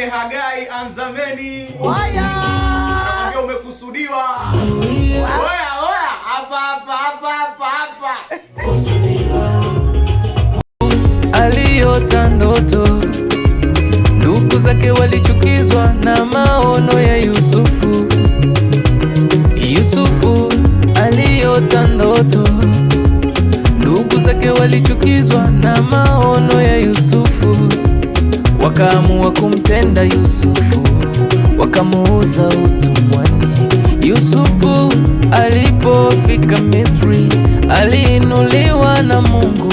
yake Hagai Anzameni, anakuambia umekusudiwa. Oya oya, hapa hapa hapa hapa hapa aliota ndoto, ndugu zake walichukizwa na maono ya Yusufu. Yusufu aliota ndoto, ndugu zake walichukizwa na maono ya Yusufu wakaamua kumtenda Yusufu, wakamuuza utumwani. Yusufu alipofika Misri, aliinuliwa na Mungu,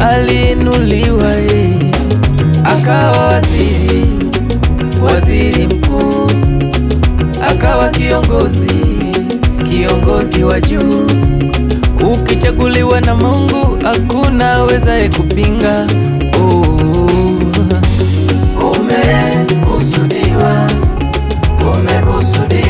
aliinuliwa yeye, akawa waziri, waziri mkuu, akawa kiongozi, kiongozi wa juu. Ukichaguliwa na Mungu hakuna awezaye kupinga. yesu